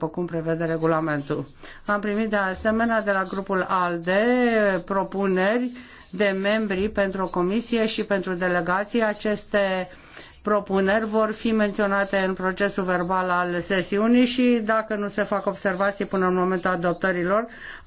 după cum prevede regulamentul. Am primit de asemenea de la grupul ALDE propuneri de membri pentru o comisie și pentru delegații. Aceste propuneri vor fi menționate în procesul verbal al sesiunii și dacă nu se fac observații până în momentul adoptărilor,